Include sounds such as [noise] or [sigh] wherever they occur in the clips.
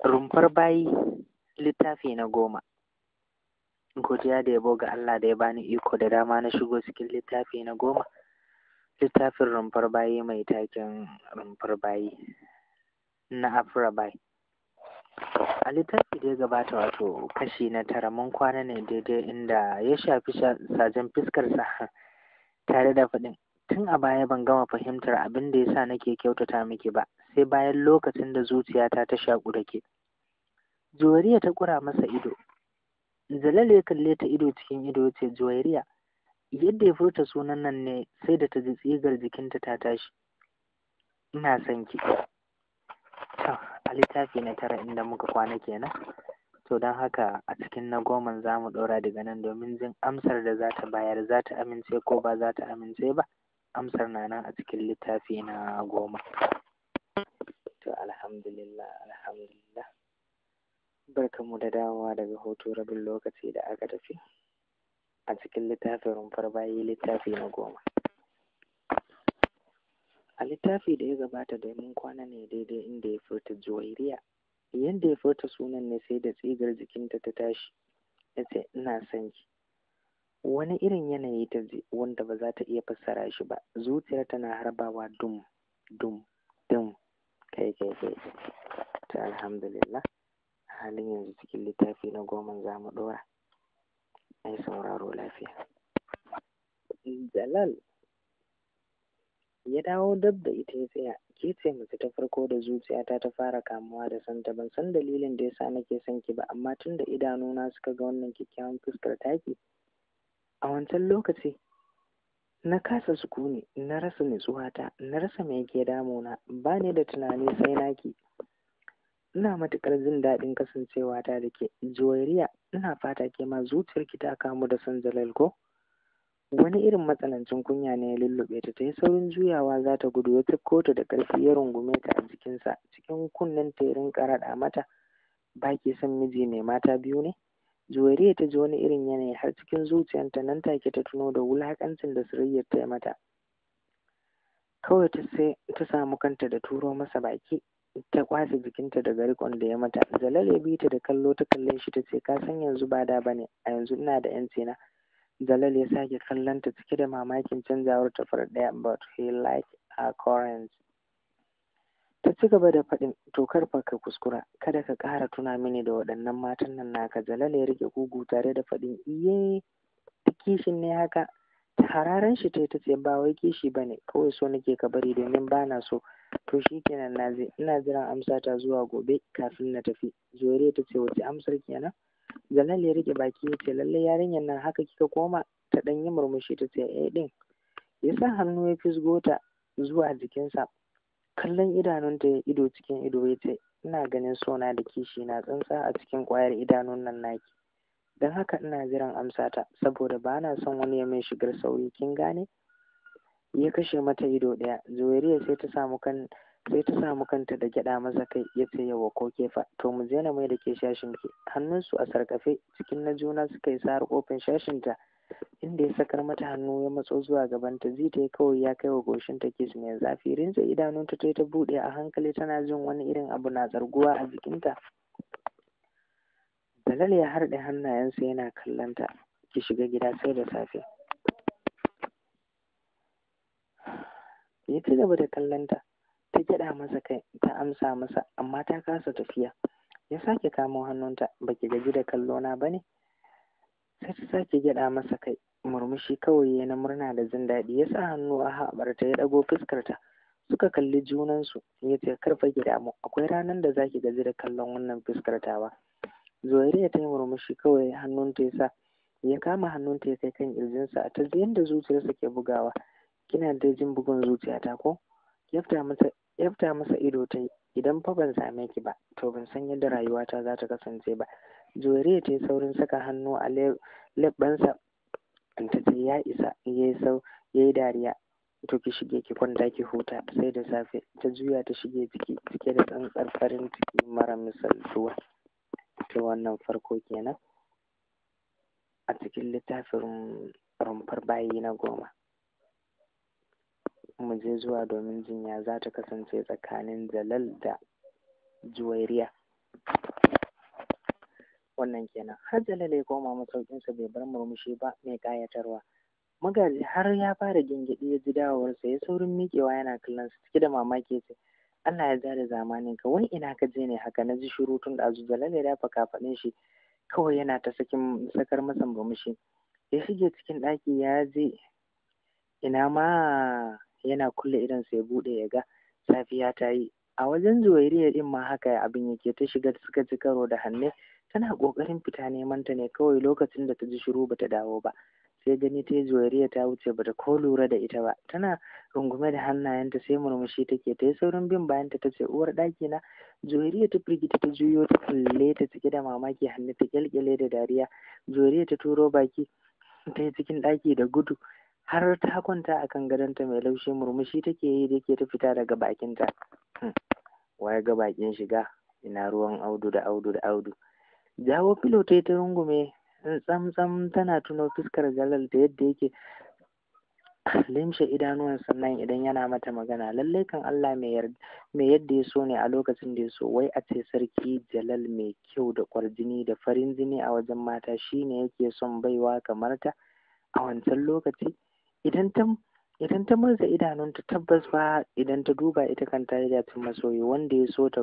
Rumfar bayi littafi na goma. Godiya da yabo ga Allah da ya bani iko da dama na shigo cikin littafi na goma. Littafin rumfar bayi mai taken rumfar bayi na bayi A littafi da ya gabata wato kashi na tara mun kwana ne daidai inda ya shafi sajen fuskar fiskarsa tare da faɗin tun a baya ban gama fahimtar abin da ya sa nake kyautata miki ba sai bayan lokacin da zuciyata ta shaƙu da ke juwariya ta ƙura masa ido zalal ya kalle ta ido cikin ido ya ce juwariya yadda ya furta sunan nan ne sai da ta ji tsigar jikinta ta tashi ina son ki to a littafi na tara inda muka kwana kenan to don haka a cikin na goman za mu ɗora daga nan domin jin amsar da za ta bayar za ta amince ko ba za ta amince ba amsar na nan a cikin littafi na goma to alhamdulillah alhamdulillah barkanmu da dawowa daga hoto rabin lokaci da aka tafi a cikin littafin rumfar bayi littafi na goma a littafi da ya gabata da mun kwana ne daidai inda ya furta juwairiya yadda ya furta sunan ne sai da tsigar jikinta ta tashi ya ce ina son ki wani irin yanayi ta je wanda ba za ta iya fassara shi ba zuciyar tana harbawa dum dum dum kai kai kai ta alhamdulillah halin yanzu cikin littafi na goma za mu ɗora ai sauraro lafiya jalal ya dawo dab da ita ya tsaya ke ce mace ta farko da zuciyata ta fara kamuwa da santa ban san dalilin da ya yasa nake son ki ba amma tun da idanuna suka ga wannan kyakkyawan fuskar taki a wancan lokaci na kasa sukuni na rasa nutsuwata na rasa me yake damuna ba ni da tunani sai naki ina matuƙar jin daɗin kasancewa kasancewata da ke juwairiya ina fata ke ma zuciyarki ta kamu da son jalal ko wani irin matsanancin kunya ne ya lullube ta ta yi saurin juyawa za ta gudu ya tafko ta da ƙarfi ya rungume ta a jikinsa cikin kunnen ta ya rinƙa raɗa mata ba ki son miji mai mata biyu ne Juwairiya ta ji wani irin yanayi har cikin zuciyarta nan take ta tuno da wulaƙancin da Surayyar ta yi mata. Kawai ta samu kanta da turo masa baki ta kwashe jikinta daga riƙon da ya mata. Jalal ya bi ta da kallo ta kalle shi ta ce ka san yanzu ba da ba ne. a yanzu ina da yanci na. Jalal ya sake kallon ta cike da mamakin canzawar ta farat ɗaya but he like her ta ci gaba da faɗin to karfa ka kuskura kada ka ƙara tuna mini da waɗannan matan nan naka zalala ya rike kugu tare da faɗin iye kishin ne haka Ta hararen shi ta ce ba wai kishi ba ne kawai so nake ka bari domin ba na so to shi kenan na je ina jiran amsa ta zuwa gobe kafin na tafi zore ta ce wace amsar kenan zalala ya rike baki ya ce lallai yarinyar nan haka kika koma ta ɗan yi murmushi ta ce eh ɗin ya sa hannu ya fisgo ta zuwa jikinsa kallon idanunta ya ido cikin ido ya ce ina ganin sona da kishi na tsantsa a cikin kwayar idanun nan naki don haka ina jiran amsata saboda ba na son wani ya mai shigar sauri kin gane ya kashe mata ido ɗaya zuwairiya sai ta samu kan sai ta samu kanta da gyaɗa masa kai ya ce yawa ko kefa to mu je na mai da ke shashin ki hannunsu a sarkafe cikin na juna suka yi sa'ar ƙofin shashinta inda ya sakar mata hannu ya matso zuwa gabanta zai yi kawai ya kai wa goshinta kis mai zafi rinsa idanunta ta ta buɗe a hankali tana jin wani irin abu na tsarguwa a jikinta Dalal ya harɗe hannayensa yana kallonta ki shiga gida sai da safe ya ci gaba da kallonta ta gyaɗa masa kai ta amsa masa amma ta kasa tafiya ya sake kamo hannunta baki gaji da kallona ba ne sai ta sake gyada masa kai murmushi kawai ya na murna da jin daɗi ya sa hannu a haɓarta ya ɗago fuskarta suka kalli junansu ya ce karfa ki damu akwai ranar da zaki gaji da kallon wannan fuskar tawa ta yi murmushi kawai hannunta ya sa ya kama hannunta ya kai kan ƙirjinsa a ta yadda zuciyarsa ke bugawa kina da jin bugun zuciyata ko yafta masa ido ta idan fa ban same ki ba to ban san yadda rayuwata za ta kasance ba Jore ta yi saurin saka hannu a leɓɓansa ta ce ya isa ya yi sau ya dariya to ki shige ki kwanta ki huta sai da safe ta juya ta shige ciki cike da tsantsar farin ciki mara misaltuwa to wannan farko kenan a cikin littafin rumfar bayi na goma mu je zuwa domin jinya za ta kasance tsakanin jalal da juwairiya wannan kenan har jalala ya koma sa bai bar murmushi ba mai ƙayatarwa magaji har ya fara gingiɗi ya ji dawowarsa ya saurin miƙewa yana kallon su cike da mamaki ya ce Allah ya zare zamanin ka wai ina ka je ne haka na ji shiru tun da azu jalala ya dafa kafaɗin shi kawai yana ta sakin sakar masa murmushi ya shige cikin ɗaki ya je ina ma yana kulle idonsa ya buɗe ya ga safiya ta yi a wajen juwairiya din ma haka abin yake ta shiga suka ci karo da hannu tana ƙoƙarin fita neman ta ne kawai lokacin da ta ji shiru bata dawo ba sai gani ta yi ta wuce bata ko lura da ita ba tana rungume da hannayenta sai murmushi take ta yi saurin bin bayanta ta ce uwar ɗaki na Juwariya ta firgita ta juyo ta kulle ta cike da mamaki hannu ta kyalkyale da dariya Juwariya ta turo baki ta yi cikin ɗaki da gudu har ta kwanta a kan gadonta mai laushi murmushi take yi da ke ta fita daga bakinta hmm, Waya ga bakin shiga ina ruwan audu da audu da audu jawo filo ta ta rungume tsamtsam tana tuno fuskar jalal da yadda yake limshe idanuwan sannan idan yana mata magana lallai kan Allah mai yadda ya so ne a lokacin da ya so wai a ce sarki jalal mai kyau da kwarjini da farin jini a wajen mata shine yake son baiwa kamar ta a wancan lokaci idan ta idan ta murza idanunta tabbas ba idan ta duba ita kanta ya masoyi wanda ya so ta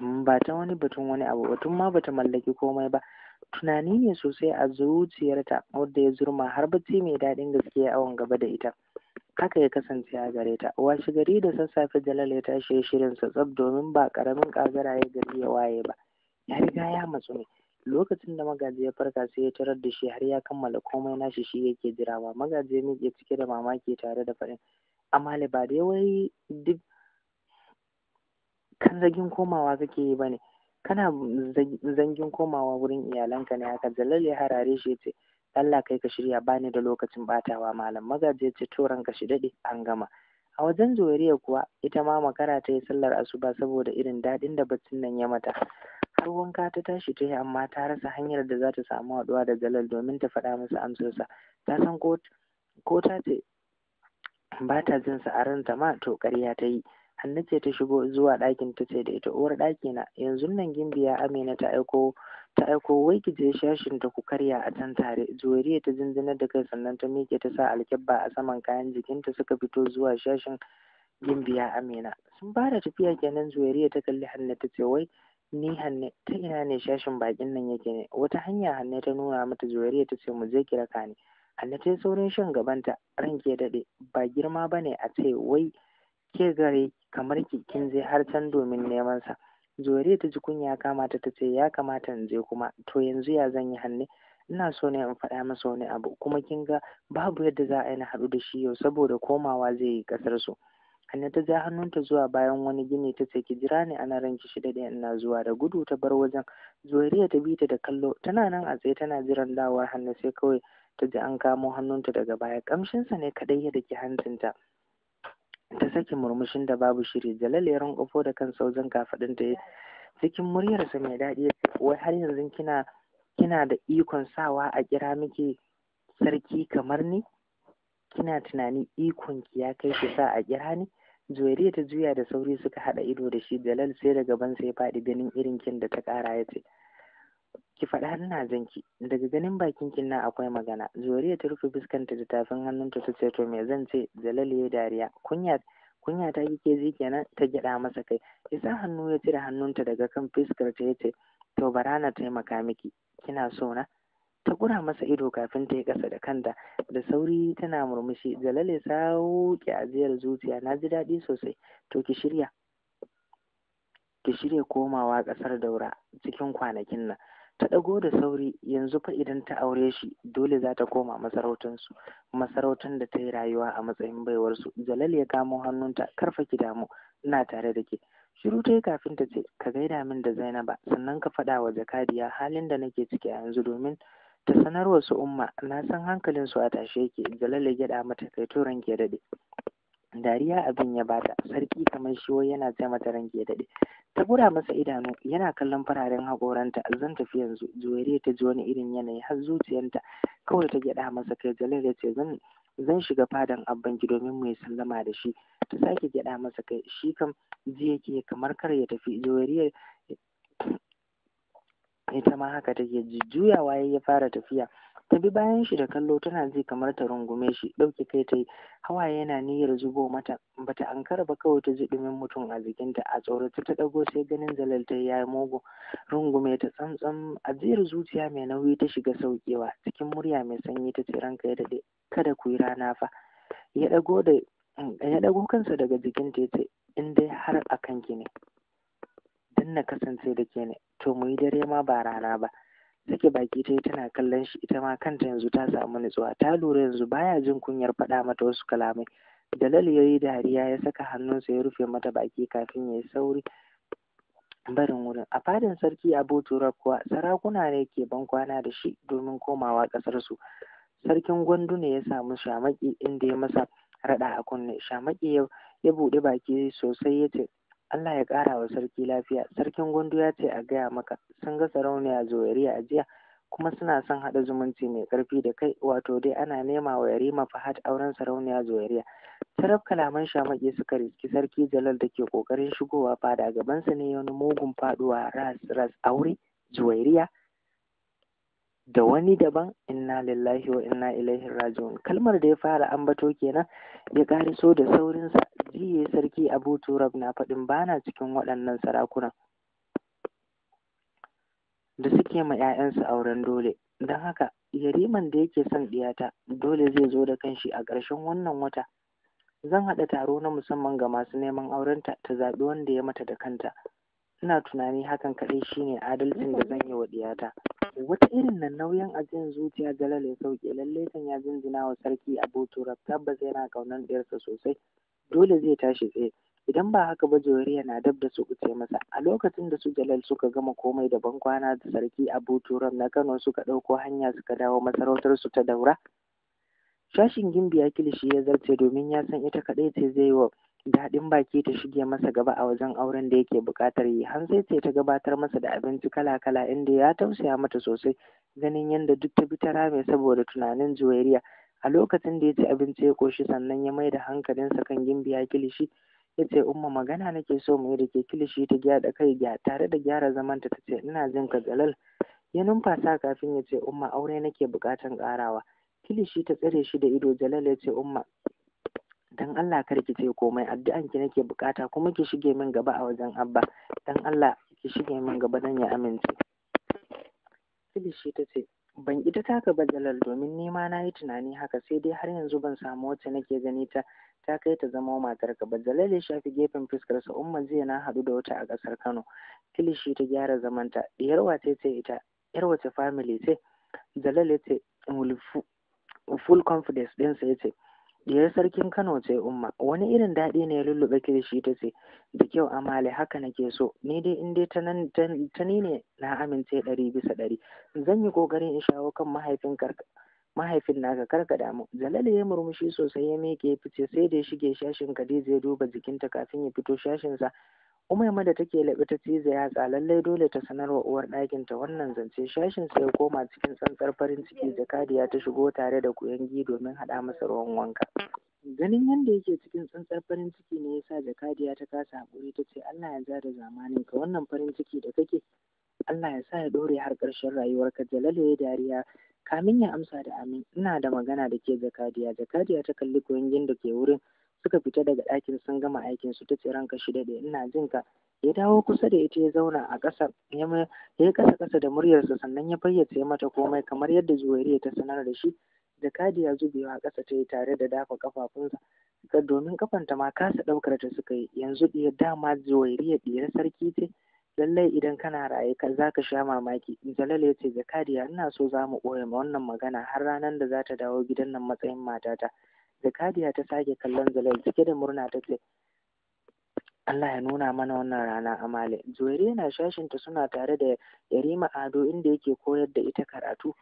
ba ta wani batun wani abu ba tun ma bata mallaki komai ba tunani ne sosai a zuciyarta wadda ya zurma har bacci mai daɗin gaske a awon gaba da ita haka ya kasance a gare ta washe gari da sassafe jalal ya tashi ya shirin sa tsab domin ba karamin kagara ya gari ya waye ba ya riga ya matsu ne lokacin da magaji ya farka sai ya tarar da shi har ya kammala komai nashi shi yake jirawa magaji ya miƙe cike da mamaki tare da faɗin amma ba dai wai duk kan zagin komawa kake yi bane kana zangin komawa wurin iyalanka ne haka jalal ya harare shi ce Allah kai ka shirya bani da lokacin batawa malam magaji ce to ranka shi daɗe, an gama a wajen joriya kuwa ita ma makara ta yi sallar asuba saboda irin daɗin da baccin nan ya mata har wanka ta tashi ta yi amma ta rasa hanyar da za ta samu haɗuwa da jalal domin ta faɗa masa amsarsa ta san ko ta ce ba ta jin sa a ranta ma to ƙarya ta yi Hanna ta shigo zuwa ɗakin ta ce da ita uwar ɗaki na yanzu nan gimbiya Amina ta aiko ta aiko wai ki je shashin ta ku karya a can tare. Juwairiya ta jinjinar da kai sannan ta miƙe ta sa alkyabba a saman kayan jikinta suka fito zuwa shashin gimbiya Amina. Sun fara tafiya kenan Juwairiya ta kalli Hanna ta ce wai ni Hanne ta ina ne shashin bakin nan yake ne wata hanya Hanne ta nuna mata Juwairiya ta ce mu je ki raka ni. Hanne saurin shan gaban gabanta ranke daɗe ba girma bane a ce wai ke gare kamar ki kin je har can domin neman sa Zuriya ta ji kunya kama ta ta ce ya kamata in je kuma to yanzu ya zan yi hanne ina so ne in faɗa masa wani abu kuma kin ga babu yadda za a yi na haɗu da shi yau saboda komawa zai yi ƙasar su Hanne ta ja hannunta zuwa bayan wani gini ta ce ki jira ni ana ranki shida da ina zuwa da gudu ta bar wajen Zuriya ta bi ta da kallo tana nan a tsaye tana jiran dawowar hannu sai kawai ta ji an kamo hannunta daga baya kamshinsa ne kaɗai ya daki hancinta. ta sake murmushin da babu shiri jalal ya ƙofo da kan wajen kafaɗin ta cikin muryarsa mai daɗi wai har yanzu kina kina da ikon sawa a kira miki sarki kamar ni kina tunani ikon ki ya kai ki sa a kira ni Zuwairiya ta juya da sauri suka haɗa ido da shi Jalal sai da gaban sai faɗi ganin irin kin da ta ƙara ya ce ki faɗi har na ki daga ganin bakin kin nan akwai magana zuriya ta rufe fuskanta da tafin hannunta ta ce to me zan ce jalal ya dariya kunya kunya ta kike zike kenan ta gyaɗa masa kai isa hannu ya cire hannunta daga kan fuskar ta yace to bara na taimaka miki kina so na ta kura masa ido kafin ta yi ƙasa da kanta da sauri tana murmushi jalal ya sauke ajiyar zuciya na ji daɗi sosai to ki shirya ki shirya komawa ƙasar daura cikin kwanakin nan ta ɗago da sauri yanzu fa idan ta aure shi dole za ta koma masarautansu masarautar da ta yi rayuwa a matsayin baiwarsu jalal ya kamo hannunta karfa ki damu ina tare da ke shiru ta yi kafin ta ce ka gaida min da zainaba sannan ka faɗa wa jakadiya halin da nake ciki a yanzu domin ta sanar su umma na san hankalin su a tashe ke jalal ya gyaɗa mata kai turan ke daɗe dariya abin ya bata sarki kamar shiwo yana ce mata ranki ya dade ta gura masa idanu yana kallon fararen haƙoranta zan tafi yanzu juwairiya ta ji wani irin yanayi har zuciyarta kawai ta gyaɗa masa kai jalil ya ce zan shiga fadan abbanki domin mu sallama da shi ta sake gyaɗa masa kai shi kam ji yake kamar kar ya tafi juwairiya ita ma haka take ji juyawa ya fara tafiya ta bi bayan shi da kallo tana ji kamar ta rungume shi ɗauki kai ta yi hawaye yana niyyar zubo mata bata ankara ba kawai ta ji ɗumin mutum a jikinta a tsorata ta ɗago sai ganin zalal ta yi mugu rungume ta tsantsan ajiyar zuciya mai nauyi ta shiga saukewa cikin murya mai sanyi ta ce ranka ya daɗe kada ku yi rana fa ya ɗago da ya ɗago kansa daga jikinta ya ce in dai har a kanki ne in kasance da ke ne to mu yi dare ma ba rana ba sake baki ta yi tana kallon shi ita ma kanta yanzu ta samu nutsuwa ta lura yanzu baya jin kunyar faɗa mata wasu kalamai dalal ya yi dariya ya saka hannunsa ya rufe mata baki kafin ya yi sauri barin wurin a fadin sarki abu tura kuwa sarakuna ne ke ban kwana da shi domin komawa ƙasarsu sarkin gwandu ne ya samu shamaki inda ya masa raɗa a kunne shamaki ya buɗe baki sosai ya ce Allah ya ƙara wa sarki lafiya sarkin gundu ya ce a gaya maka sun ga sarauniya zuwairiya a jiya kuma suna son haɗa zumunci mai ƙarfi da kai wato dai ana nema wa yarima fahad auren sarauniya zuwairiya taraf kalaman shamaki suka riski sarki jalal da ke ƙoƙarin shigowa fada gabansa ne wani mugun faɗuwa ras ras aure zuwairiya da wani daban inna lillahi wa inna ilaihi raji'un kalmar da ya fara ambato kenan ya kariso da saurin sa jiye sarki Abu Turab na faɗin bana cikin waɗannan sarakuna da suke ma ƴaƴansu auren dole dan haka yariman da yake son ɗiyata dole zai zo da kanshi a ƙarshen wannan wata zan haɗa taro na musamman ga masu neman aurenta ta zaɓi wanda ya mata da kanta ina tunani hakan kaɗai shine adalcin da zan yi wa ɗiyata wata irin nan nauyin ajiyar zuciya jalal ya sauke lallai kan ya jinjina wa sarki abu turab tabbas yana ƙaunar ɗiyarsa sosai dole zai tashi tsaye idan ba haka ba joriya na dab da su kuce masa a lokacin da su jalal suka gama komai da bankwana da sarki abu turab na kano suka ɗauko hanya suka dawo masarautar su ta daura shashin gimbiya kilishi ya zarce domin ya san ita kaɗai ce zai wa daɗin baki ta shige masa gaba a wajen auren da yake buƙatar yi sai ce ta gabatar masa da abinci kala-kala inda ya tausaya mata sosai ganin yadda duk ta bi ta rame saboda tunanin juwairiya a lokacin da ya ci abinci ya ƙoshi sannan ya maida da hankalinsa kan gimbiya kilishi ya ce umma magana nake so mu yi da ke kilishi ta gyaɗa kai tare da gyara zamanta ta ce ina jin ka jalal ya numfasa kafin ya ce umma aure nake buƙatan ƙarawa kilishi ta tsare shi da ido jalal ya ce umma dan Allah kar ki ce komai addu'an ki nake bukata kuma ki shige min gaba a wajen abba dan Allah ki shige min gaba dan ya amince Kilishi ta ce ban ita taka bazalar domin nima na yi tunani haka sai dai har yanzu ban samu wacce nake gani ta ta kai ta zama matar ka bazalar ya shafi gefen fuskarsa umma zai na haɗu da wata a ƙasar Kano kilishi ta gyara zamanta diyar wace ce ita yar wace family ce zalale ce full confidence ɗinsa ya ce Diyar sarkin Kano ce Umma, wani irin daɗi ne ya lullube kirishi ta ce, da kyau Amale haka nake so, ni dai in dai ta ni ne na amince ɗari bisa ɗari. Zan yi ƙoƙarin in shawo kan mahaifin karka. Mahaifin naka karka damu, jalal ya murmushi sosai ya miƙe ya fice sai da ya shige shashin kadija ya duba jikinta kafin ya fito shashinsa Umaima da take laɓe ta ciza yatsa lallai dole ta sanar wa uwar ɗakin ta wannan zance shashin sa ya koma cikin tsantsar farin ciki jakadiya ta shigo tare da kuyangi domin haɗa masa ruwan wanka. Ganin yadda yake cikin tsantsar farin ciki ne yasa jakadiya ta kasa haƙuri ta ce Allah ya ja da zamanin ka wannan farin ciki da kake Allah ya sa ya ɗore har ƙarshen rayuwarka Jalalu ya dariya kamin ya amsa da amin ina da magana da ke jakadiya jakadiya ta kalli kuyangin da ke wurin suka fita daga ɗakin sun gama aikin su ta ce ranka shi daɗe ina jin ka ya dawo kusa da ita ya zauna a ƙasa ya yi ƙasa ƙasa da muryarsa sannan ya fayyace mata komai kamar yadda juwairiya ta sanar da shi jakadiya zubewa ƙasa ta yi tare da dafa ƙafafunsa domin ƙafanta ma kasa ɗaukar ta suka yi yanzu ɗiyar dama ya ɗiyar sarki ce lallai idan kana raye ka za ka sha mamaki jalal ya ce jakadiya ina so za mu ɓoye ma wannan magana har ranar da za ta dawo gidan nan matsayin matata kadiya ta sake kallon Zalal cike da murna ta ce, Allah ya nuna mana wannan rana amale. Zuwairi yana shashinta suna tare da Yarima Ado inda yake koyar da ita karatu.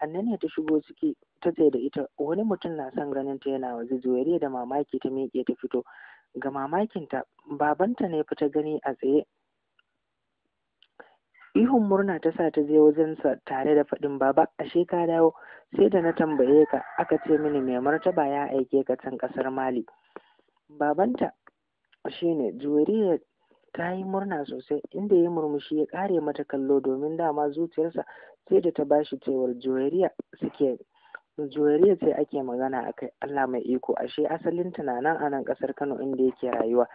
Hanne ne ta shigo ciki ta ce da ita wani mutum na son ganin ta yana waje Zuwairi da mamaki ta miƙe ta fito. Ga mamakinta babanta ne fita gani a tsaye ihun murna ta sa ta je wajen sa tare da faɗin baba ashe ka dawo sai da na tambaye ka aka ce mini mai martaba ya aike ka can ƙasar mali babanta shine juwariya ta yi murna sosai inda ya murmushi ya ƙare mata kallo domin dama zuciyarsa sai da ta bashi cewar juwariya suke to ce ake magana a kai Allah mai iko ashe asalin tunanin a nan kasar Kano inda yake rayuwa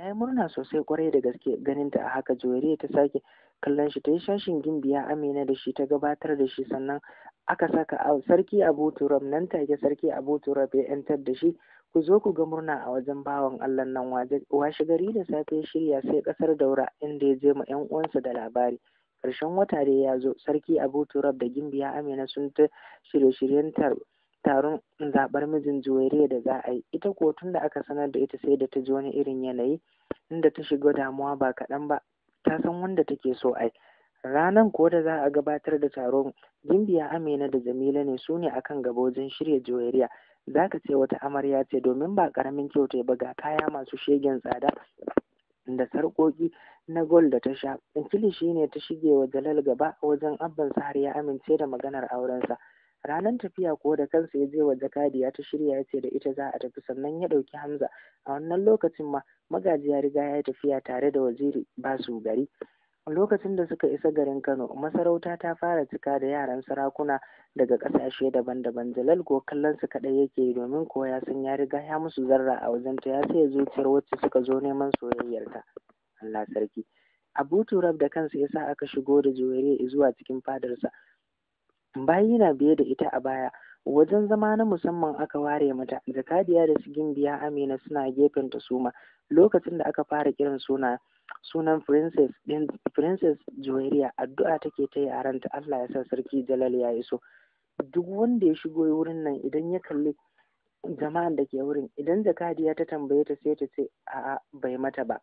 ya yi murna sosai kwarai da gaske ganin ta a haka juwariya ta sake kallon shi ta yi shashin gimbiya amina da shi ta gabatar da shi sannan aka saka a sarki abu turab nan take sarki abu turab ya yantar da shi ku zo ku ga murna a wajen bawan Allah nan washe gari da safe shirya sai ƙasar daura inda ya je ma 'yan uwansa da labari ƙarshen wata dai ya zo sarki abu da gimbiya amina sun ta shirye-shiryen taron zaɓar mijin juwairiya da za a yi ita ko tun da aka sanar da ita sai da ta ji wani irin yanayi inda ta shiga damuwa ba kaɗan ba ta san wanda take so ai ranan ko da za a gabatar da taron gimbiya amina da jamila ne su ne akan gaba wajen shirya juwairiya za ka ce wata amarya ce domin ba ƙaramin kyautai ba ga kaya masu shegen tsada da sarƙoƙi na gol da ta sha Dankili shi ne ta shige wa Jalal gaba wajen sa har ya amince da maganar aurensa. Ranar tafiya ko da kansa ya je wa Jakadiya ta shirya ya ce da ita za a tafi sannan ya ɗauki Hamza a wannan lokacin ma magaji ya riga ya tafiya tare da waziri basu gari. Lokacin da suka isa garin Kano masarauta ta fara cika da yaran sarakuna daga ƙasashe daban-daban Jalal ko kallon su kaɗai yake yi domin koya sun ya riga ya musu zarra a wajenta ya saya zuciyar wacce suka zo neman soyayyarta. Allah sarki Abu Turab da kansa ya sa aka shigo da Juwairiya zuwa cikin fadarsa bayi na biye da ita a baya wajen zama na musamman aka ware mata jakadiya da biya amina suna gefen ta suma lokacin da aka fara kiran suna sunan princess din princess juwairiya addu'a take ta yi a ranta allah ya sa sarki jalal ya iso duk wanda ya shigo wurin nan idan ya kalli jama'an da ke wurin idan jakadiya ta tambaye ta sai ta ce a'a bai mata ba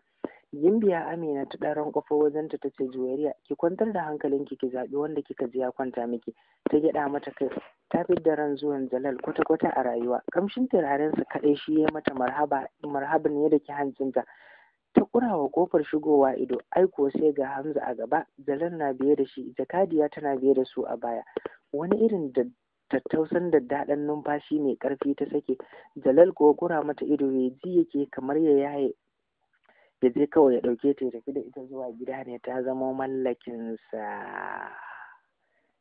Gimbiya Amina ta ɗan rankwafo wajen ta ce Juwairiya ki kwantar da hankalinki ki zaɓi wanda kika ji ya kwanta miki ta gyaɗa mata kai ta fidda ran zuwan Jalal kwata-kwata a rayuwa kamshin turarensa kaɗai shi ya mata marhaba ne da ki hancinta ta ƙurawa kofar shigowa ido aiko sai ga Hamza a gaba Jalal na biye da shi Jakadiya tana biye da su a baya wani irin da tattausan daddaɗan numfashi mai ƙarfi ta sake jalal kuwa ƙura mata ido ya ji yake kamar ya yaye ya je kawai ya ɗauke ta ya tafi da ita zuwa gida ne ta zama mallakinsa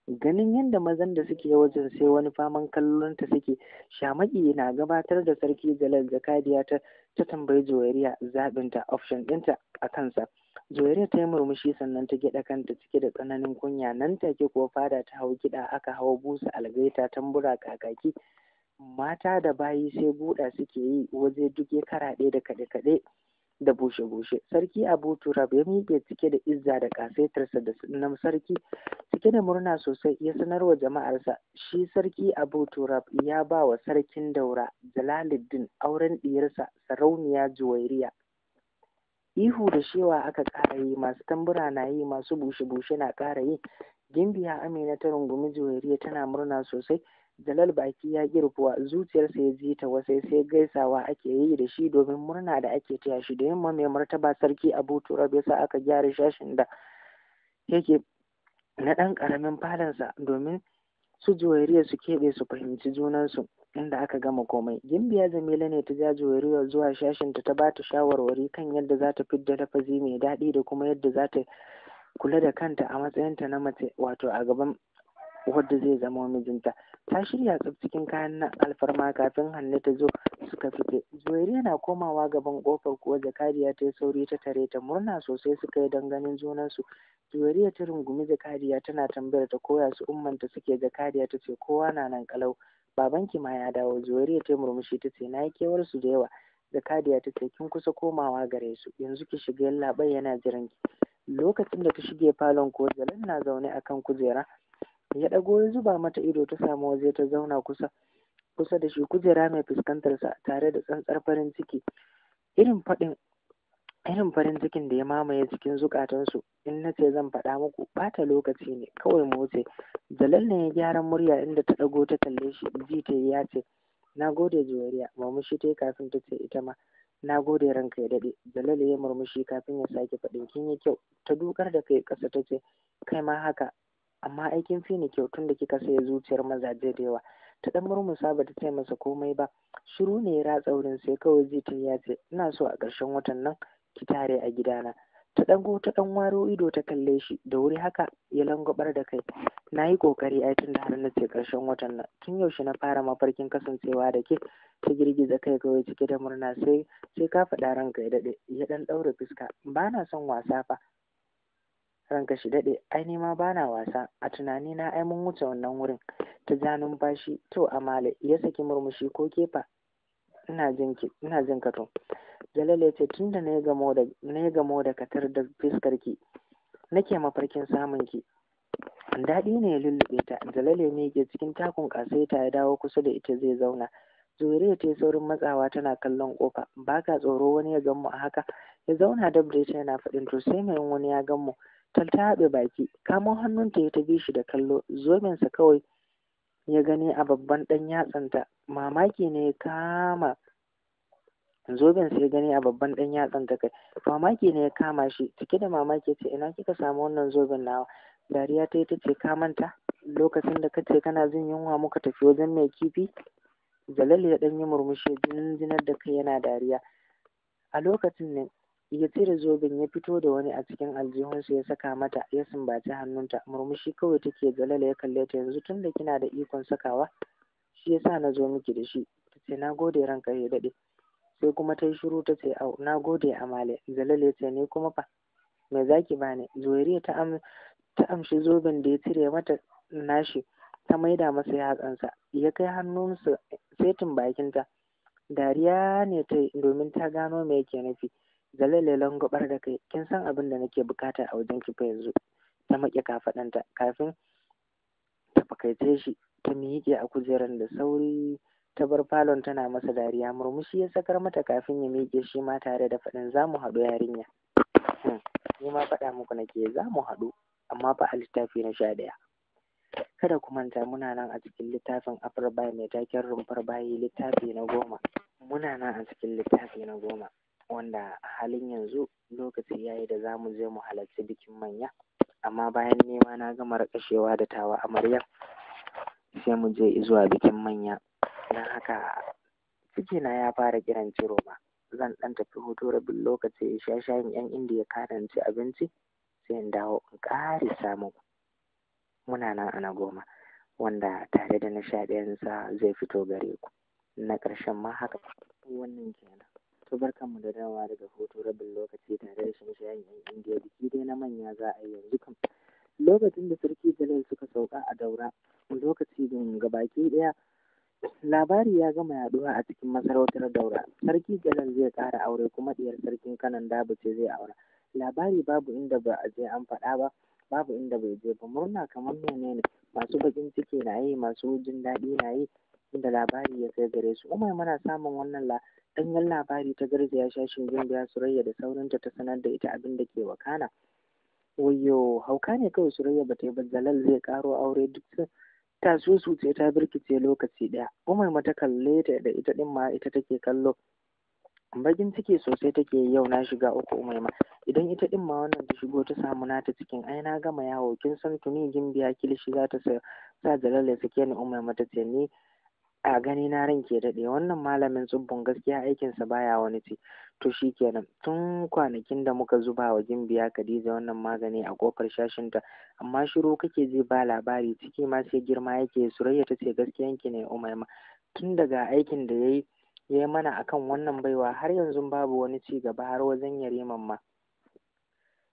ganin yadda mazan da suke wajen sai wani faman kallon ta suke shamaki na gabatar da sarki jalal zakadiya ta ta tambayi joyariya zaɓin ta option ɗinta a kansa joyariya ta yi murmushi sannan ta gyaɗa kanta cike da tsananin kunya nan take kuwa fada ta hau kiɗa aka hau busa algaita tambura kakaki mata da bayi sai buɗa suke yi waje duk ya karaɗe da kaɗe-kaɗe da bushe-bushe sarki abu turab ya miƙe cike da izza da ƙasaitarsa da sunan sarki cike da murna sosai ya sanar wa jama'arsa shi sarki abu turab ya ba wa sarkin daura jalaluddin auren ɗiyarsa sarauniya juwairiya ihu da shewa aka ƙara yi masu tambura na yi masu bushe-bushe na ƙara yi gimbiya amina ta rungumi juwairiya tana murna sosai Jalal baki ya ƙi rufuwa, zuciyarsa ya ji ta wasai sai gaisawa ake yi da shi domin murna da ake taya shi da yamma mai martaba sarki Abu Turab sa aka gyara shashin da yake na ɗan ƙaramin falansa domin su juwairiyar su keɓe su fahimci junansu inda aka gama komai. Gimbiya Jamila ne ta ja juwairiyar zuwa shashinta ta ba ta shawarwari kan yadda za ta fidda lafazi mai daɗi da kuma yadda za ta kula da kanta a matsayinta na mace wato a gaban wadda zai zama mijinta. ta shirya tsaf kayan na alfarma kafin hannu ta zo suka fita zuwairi na komawa gaban kofar kuwa zakariya ta yi sauri ta tare ta murna sosai suka yi ganin junansu zuwairi ta rungumi zakariya tana tambayar ta koya su ummanta suke zakariya ta ce kowa na nan kalau babanki ma ya dawo zuwairi ta murmushi ta ce na yi kewar su da yawa zakariya ta ce kin kusa komawa gare su yanzu ki shiga yallaɓai yana jiranki lokacin da ta shige falon ko zalan na zaune akan kujera ya ɗago ya zuba mata ido ta samu waje ta zauna kusa kusa da shi kujera mai fuskantar sa tare da tsantsar farin ciki irin faɗin irin farin cikin da ya mamaye cikin zukatansu in na ce zan faɗa muku ɓata lokaci ne kawai motsi jalal ne ya gyara murya inda ta ɗago ta kalle shi jita ya ce na gode juwariya murmushi ta yi kafin ta ce ita ma na gode ranka ya daɗe jalal ya murmushi kafin ya sake faɗin kin yi kyau ta dukar da kai ƙasa ta ce kai ma haka amma aikin fi ni kyautun da kika saya zuciyar mazaje da yawa ta dan murmusa bata ce masa komai ba shiru ne ya ratsa wurin sai kawai zai ta ya ce ina so a ƙarshen watan nan ki tare a gidana ta go ta ɗan waro ido ta kalle shi da wuri haka ya langwabar da kai na yi ƙoƙari a tun da har na ce ƙarshen watan nan tun yaushe na fara mafarkin kasancewa da ke ta girgiza kai kawai cike da murna sai sai ka faɗa ranka ya daɗe ya ɗan ɗaura fuska ba na son wasa fa ranka shi daɗe ai ni ma bana wasa a tunani na ai mun wuce wannan wurin ta ja bashi, to amala ya saki murmushi ko kefa ina jin ki ina jin ka to jalal ce tunda na gamo da gamo da katar da fiskar ki nake mafarkin samun ki daɗi ne ya lullube ta jalal ya miƙe cikin takun ta ya dawo kusa da ita zai zauna Zuriya ta yi saurin matsawa tana kallon ƙofa. baka tsoro wani ya gan a haka. Ya zauna dab da ita yana faɗin to sai mai wani ya gan tal ta haɗe baki kamo hannunta ya tabi shi da kallo zobensa kawai ya gani a babban ɗan yatsanta mamaki ne ya kama zoben sai gani a babban ɗan yatsan kai mamaki ne ya kama shi cike da mamaki ce ina kika samu wannan zoben nawa dariya ta yi ta ce ka manta lokacin da kace kana jin yunwa muka tafi wajen mai kifi jalal ya ɗan yi murmushi jinjinar da kai yana dariya a lokacin ne Ya cire zoben ya fito da wani a cikin aljihunsa ya saka mata ya sumbaci hannunta murmushi kawai take zalala ya kalle ta yanzu da kina da ikon sakawa shi yasa na zo miki da shi ta ce na gode ranka ya daɗe sai kuma ta yi shiru ta ce au na gode amale jalal ya ce ni kuma fa me zaki bani zuwairiya ta am ta amshi zoben da ya cire mata nashi ta maida masa yatsansa ya kai hannunsa setin bakinta dariya ne ta domin ta gano me yake nufi zalele langobar da kai kin san abin da nake bukata a wajen ki fa yanzu ta maƙe kafaɗanta kafin ta fakaice shi ta miƙe a kujerar da sauri ta bar falon tana masa dariya murmushi ya sakar mata kafin ya miƙe shi ma tare da faɗin za mu haɗu yarinya hmm, ni ma faɗa muku nake za mu haɗu amma fa a littafi na sha ɗaya kada ku manta muna nan a cikin littafin afirbai mai taken rumfar bayi littafi na goma muna nan a cikin littafi na goma wanda halin yanzu lokaci ya yi da za mu je mu halarci bikin manya amma bayan nema na gama rakashewa da tawa amaryar sai mu je zuwa bikin manya don haka cikina ya fara kiran ciro ma zan ɗan tafi hutu rabin lokaci in sha shayin ƴan indiya karin ci abinci sai in dawo in ƙarisa muku muna nan ana goma wanda tare da na sha zai fito gare ku na ƙarshen ma haka wannan kenan To barkanmu da dawowa daga hutu rabin lokaci tare da shaye-shayen 'yan Indiya biki dai na manya za a yi yanzu kam. Lokacin da Sarki Jalal suka sauka a Daura, lokaci gabaki ɗaya labari ya gama yaɗuwa a cikin masarautar Daura. Sarki Jalal zai ƙara aure kuma ɗiyar sarkin Kanan Dabo ce zai aura. Labari babu inda ba a je an faɗa ba, babu inda bai je ba. Murna kamar menene masu bakin ciki na yi, masu jin daɗi na yi, inda labari ya kai gare su umar mana samun wannan la ɗanyen labari ta garzaya shashin gimbiya surayya da saurinta ta sanar da ita abinda da ke wakana wayo hauka ne kawai surayya ba ta yi jalal zai karo aure duk ta so su ce ta birkice lokaci daya umar mata kalle ta da ita din ma ita take kallo bakin ciki sosai take yau na shiga uku umaima idan ita din ma wannan ta shigo ta samu nata cikin ai na gama yawo kin san tuni gimbiya kilishi za ta sa jalal ya sake ni umaima ta ce ni a gani na ran ke daɗe wannan malamin tsubbun gaskiya aikinsa baya wani ci to shikenan tun kwanakin da muka zuba wa gimbiya Khadija wannan magani a kofar shashinta amma shiru kake ji ba labari ciki ma sai girma yake Surayya ta ce gaskiyan ki ne Umaima tun daga aikin da yayi ya yi mana akan wannan baiwa har yanzu babu wani ci gaba har wajen yariman ma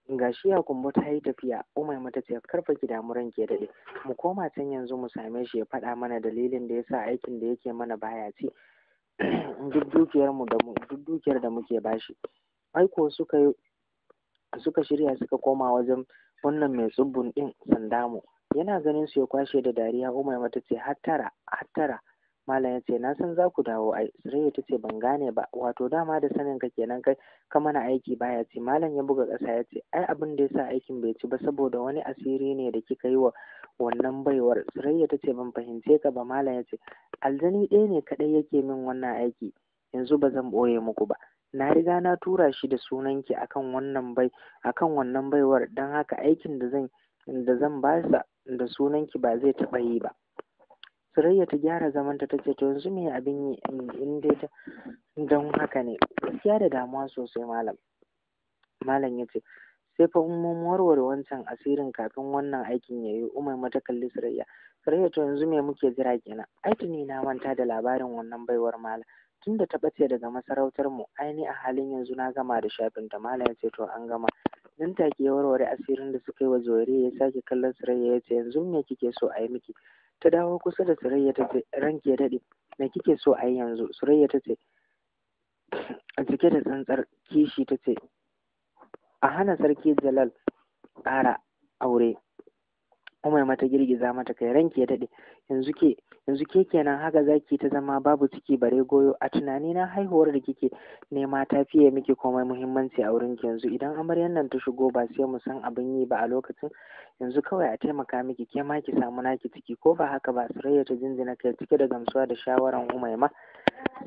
ga shi kumbu ta yi tafiya mata ta ce karfa ki damu ranki ya daɗe mu koma can yanzu mu same shi ya faɗa mana dalilin da yasa aikin da yake mana baya ci [clears throat] duk dukiyar mu da duk dukiyar da muke bashi ai ko suka suka shirya suka koma wajen wannan mai tsubbun din mu. yana ganin su ya kwashe da dariya umar mata ce hattara hattara Malam ya ce, Na san za ku dawo ai. Surayya ta ce, Ban gane ba, wato dama da sanin ka kenan kai ka mana aiki baya ci. Malam ya buga ƙasa ya ce, Ai abin da ya sa aikin bai ci ba saboda wani asiri ne da kika yi wa wannan baiwar. Surayya ta ce, Ban fahimce ka ba, Malam ya ce, Aljani ɗaya ne kaɗai yake min wannan aiki. Yanzu ba zan ɓoye muku ba. na riga na tura shi da sunanki akan wannan bai akan wannan baiwar don haka aikin da zan da zan ba sa da sunanki ba zai taɓa yi ba Surayya ta gyara zamanta ta ce to yanzu me abin yi in dai ta don haka ne gaskiya da damuwa sosai malam malam ya ce sai fa mu warware wancan asirin kafin wannan aikin ya yi umar ta kalli Surayya Surayya to yanzu me muke jira kenan ai tuni na manta da labarin wannan baiwar malam tunda ta bace daga masarautar mu aini a halin yanzu na gama da shafin ta malam ya ce to an gama nan take ya warware asirin da suka yi wa Zuwairiya ya sake kallon Surayya ya ce yanzu me kike so a yi miki ta dawo kusa da Surayya ta ce ranki ya daɗe me kike so a yi yanzu Surayya ta ce a cike da tsantsar kishi ta ce a hana sarki Jalal ƙara aure ma mata girgiza mata kai ranki ya daɗe yanzu ke yanzu ke kenan haka zaki ta zama babu ciki bare goyo a tunani na haihuwar da kike nema ta fiye miki komai muhimmanci a wurin ki yanzu idan amaryan nan ta shigo ba sai mu san abin yi ba a lokacin yanzu kawai a taimaka miki ke ma ki samu naki ciki ko ba haka ba Sarayya ta jinjina kai cike da gamsuwa da shawaran Umaima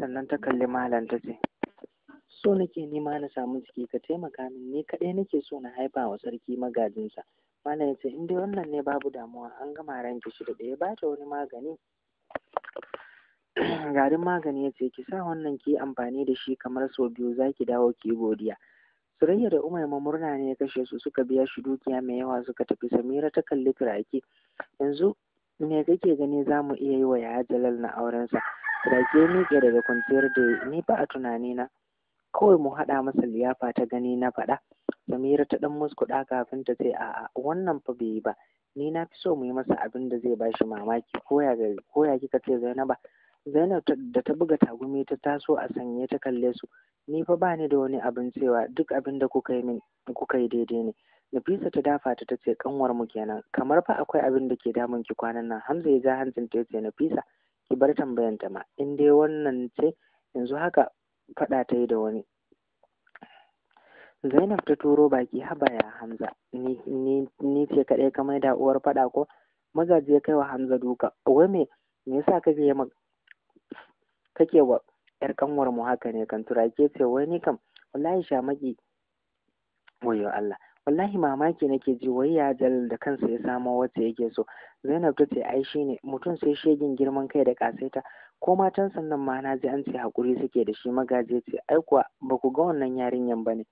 sannan ta kalli malam ta ce so nake nema na samu ciki ka taimaka min ni kaɗai nake so na haifa wa sarki magajinsa malam ya ce in dai wannan ne babu damuwa an gama ranki shi da ɗaya ba ta wani magani [clears throat] garin magani ya ce ki sa wannan ki amfani da shi kamar sau biyu za ki dawo ki godiya Surayya da Umaima murna ne ya kashe su suka biya shi dukiya mai yawa suka tafi Samira ta kalli turaki yanzu me kake gani za mu iya yi wa yaya Jalal na aurensa turaki ya miƙe daga kwanciyar da ni ba a tunani na kawai mu haɗa masa liyafa ta gani na faɗa Samira ta ɗan muskuɗa kafin ta ce a'a wannan fa bai yi ba ni na fi so mu yi masa abin da zai bashi mamaki Ko ya kika ce Zainaba Zainab da ta buga tagumi ta taso a sanye ta kalle su ni fa ba ni da wani abin cewa duk abin da kuka yi min kuka yi daidai ne Nafisa ta dafa ta tace kanwar mu kenan kamar fa akwai abin da ke damun ki kwanan nan Hamza ya ja hancin ta yace Nafisa ki bar tambayan ta ma in dai wannan ce yanzu haka faɗa ta yi da wani Zainab ta turo baki haba ya Hamza ni ce kaɗai ka maida uwar faɗa, ko magaji ya kaiwa Hamza duka wai me me yasa kake yi kake wa yar kanwar mu haka ne kan turake ce wai ni kam wallahi shamaki wayo Allah wallahi mamaki nake ji wai ya jalal da kansa ya samo wacce yake so Zainab ta ce ai shine mutum sai shegin girman kai da kasaita ko matan sannan ma na ji an ce hakuri suke da shi magaji ce ai kuwa ba ku ga wannan yarinyan ne.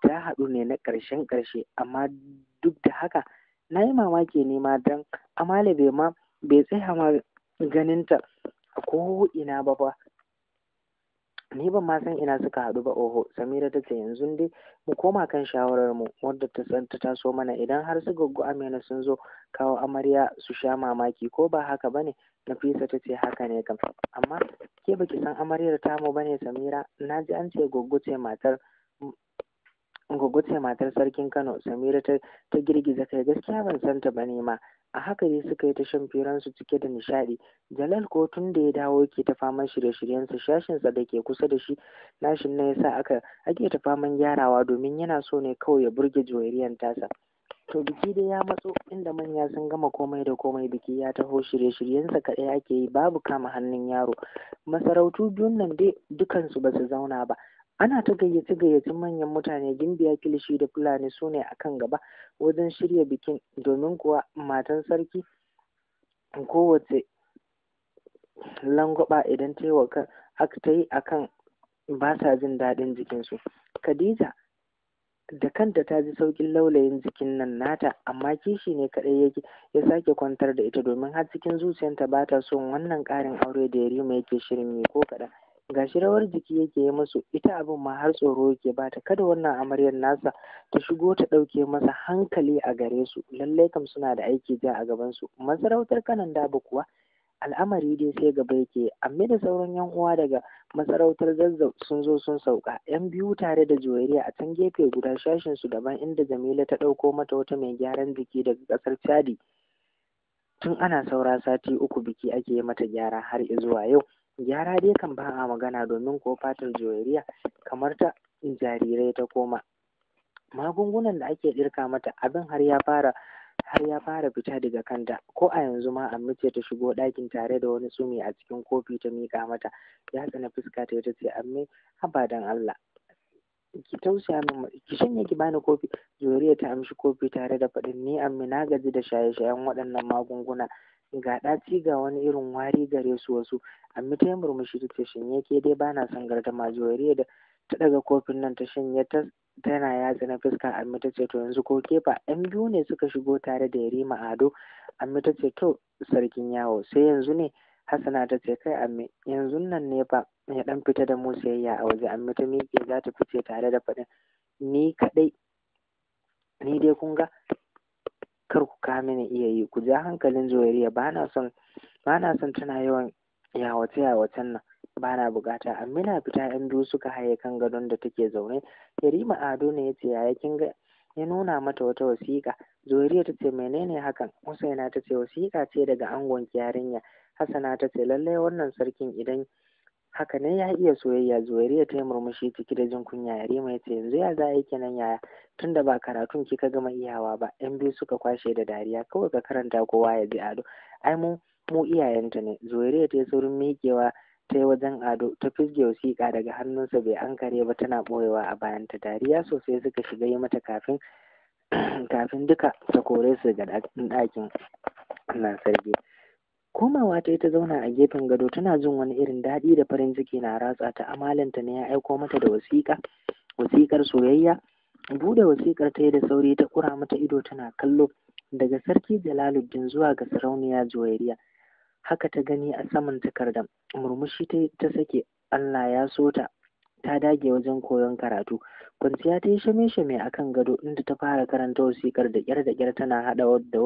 ta haɗu ne na ƙarshen ƙarshe amma duk da haka na yi mamaki ne ma don amala bai ma bai tsaya ma ganinta a ina ba ba ni ban ma san ina suka haɗu ba oho samira ta ce yanzu dai mu koma kan shawarar mu wadda ta san ta taso mana idan har su Goggo amina sun zo kawo amarya su sha mamaki ko ba haka bane nafisa ta ce haka ne kam amma ke baki san amaryar tamu bane samira na ji an ce goggo ce matar Goggo ce matar sarkin Kano, Samira ta, girgiza kai gaskiya ban san ta bane ma. A haka dai suka yi ta shan su cike da nishaɗi. Jalal ko tun da ya dawo ke ta faman shirye-shiryensa shashinsa da ke kusa da shi nashin na yasa aka ake ta faman gyarawa domin yana so ne kawai ya burge joyariyan tasa. To biki dai ya matso inda manya sun gama komai da komai biki ya taho shirye-shiryensa kaɗai ake yi babu kama hannun yaro. Masarautu biyun nan dai dukansu ba su zauna ba. ana ta gayyace gayyacin manyan mutane gimbiya kilishi da fulani su ne akan gaba wajen shirya bikin domin kuwa matan sarki kowace langwaba idan ta yi wa kan ba sa jin daɗin jikinsu khadija da kanta ta ji saukin laulayin jikin nan nata amma kishi ne kaɗai yake ya sake kwantar da ita domin har cikin zuciyarta ba ta son wannan ƙarin aure da yarima yake shirin yi ko kaɗan gashi rawar jiki yake yi musu ita abin ma har tsoro yake bata kada wannan amaryar nasa ta shigo ta ɗauke masa hankali a gare su lallai kam suna da aiki ja a gaban su masarautar kanan ba kuwa al'amari dai sai gaba yake amma da sauran yan uwa daga masarautar zazzau sun zo sun sauka yan biyu tare da joyariya a can gefe guda shashin su daban inda jamila ta ɗauko mata wata mai gyaran jiki daga ƙasar chadi tun ana saura sati uku biki ake mata gyara har zuwa yau gyara dai kan ba a magana domin ko fatar joyariya kamar ta jarirai ta koma magungunan da ake ɗirka mata abin har ya fara har ya fara fita daga kanta ko a yanzu ma an mace ta shigo ɗakin tare da wani tsumi a cikin kofi ta miƙa mata ya tsana fuska ta ta ce amme haba dan Allah ki tausaya min ki shanye ki bani kofi joriya ta amshi kofi tare da faɗin ni amme na gaji da shaye-shayen waɗannan magunguna ga ɗaci ga wani irin wari gare su wasu amma ta murmushi ta ce shin ke dai ba na son gardama joriya da ta daga kofin nan ta shanye ta tana yatsa na fuska amma ta ce to yanzu ko kefa ɗan biyu ne suka shigo tare da yarima ado amma ta ce to sarkin yawo sai yanzu ne hasana ta ce kai amma yanzu nan ne fa ya ɗan fita da mu sayayya a waje amma ta miƙe za ta fice tare da faɗin ni kaɗai ni dai kun ga kar ku ka mini iya yi ku ja hankalin joyariya ba na son ba na son tana yawan yawace yawacen nan ba na bukata amina fita yan biyu suka haye kan gadon da take zaune yarima ado ne ya ce yaya ya nuna mata wata wasiƙa Zoyariya ta ce menene hakan husaina ta ce wasiƙa ce daga angon yarinya hasana ta ce lallai wannan sarkin idan haka ne ya iya soyayya zuwairiya ta yi murmushi ciki da jin kunya yarima ya ce yanzu ya za a nan kenan yaya tun da ba karatun kika gama iyawa ba yan biyu suka kwashe da dariya kawai ka karanta kowa ya ji ado ai mu mu iyayenta ne ya ta yi saurin miƙewa ta yi wajen ado ta fizge wasiƙa daga hannunsa bai ankare ba tana ɓoyewa a bayanta dariya sosai suka shiga yi mata kafin kafin duka ta kore su daga ɗakin nan sarki Komawa ta ta zauna a gefen gado tana jin wani irin daɗi da farin ciki na ratsa ta amalanta ne ya aiko mata da wasiƙa wasiƙar soyayya Bude wasiƙar ta yi da sauri ta kura mata ido tana kallo daga sarki Jalaluddin zuwa ga sarauniya Juwairiya haka ta gani a saman takardar murmushi ta ta sake Allah ya so ta ta dage wajen koyon karatu kwanciya ta yi shame-shame kan gado inda ta fara karanta wasiƙar da ƙyar da ƙyar tana haɗa word da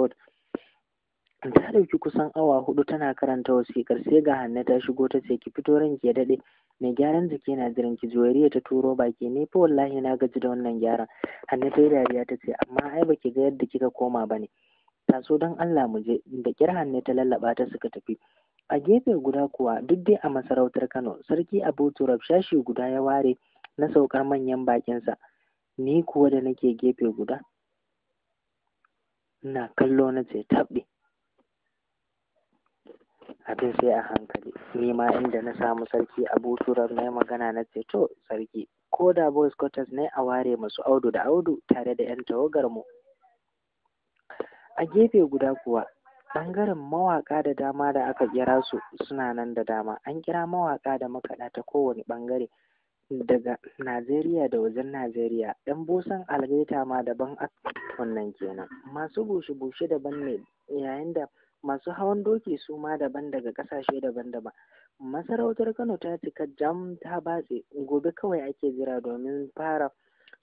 ta ɗauki kusan awa hudu tana karanta wasikar sai ga hanna ta shigo ta ce ki fito ranki ya daɗe mai gyaran jiki na jiran ki juwariya ta turo baki ne fa wallahi na gaji da wannan gyaran hanna ta yi dariya ta ce amma ai baki ga yadda kika koma ba ne taso don allah mu je da kir hanne ta lallaba ta suka tafi a gefe guda kuwa duk dai a masarautar kano sarki abu turab shashi guda ya ware na saukar manyan bakinsa ni kuwa da nake gefe guda na kallo na ce taɓe abin sai a hankali ni ma inda na samu sarki a turar na magana na ce to sarki ko da boys quarters ne a ware masu audu da audu tare da 'yan tawagar mu a gefe guda kuwa ɓangaren mawaƙa da dama da aka kira su suna nan da dama an kira mawaƙa da makaɗa ta kowane ɓangare daga najeriya da wajen najeriya ɗan busan algaita ma daban wannan kenan masu bushe-bushe daban ne yayin da masu hawan doki su ma daban daga kasashe daban-daban masarautar kano ta cika jam ta batse gobe kawai ake jira domin fara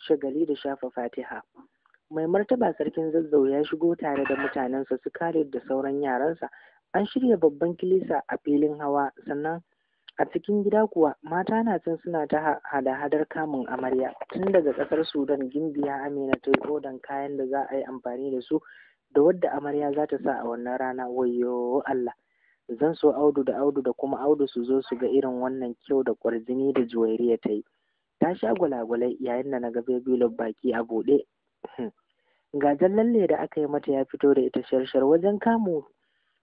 shagali da shafa fatiha mai martaba sarkin zazzau ya shigo tare da mutanensa su kare da sauran yaransa an shirya babban kilisa a filin hawa sannan a cikin gida kuwa mata na cin suna ta hada-hadar kamun amarya tun daga ƙasar sudan gimbiya amina ta yi odan kayan da za a yi amfani da su da wadda amarya za ta sa a wannan rana wayo Allah zan so audu da audu da kuma audu su zo su ga irin wannan kyau da kwarjini da juwairiya ta yi ta sha gwalagwalai yayin da na ga bebilon baki a buɗe hmm. ga lalle da aka yi mata ya fito da ita sharshar wajen kamun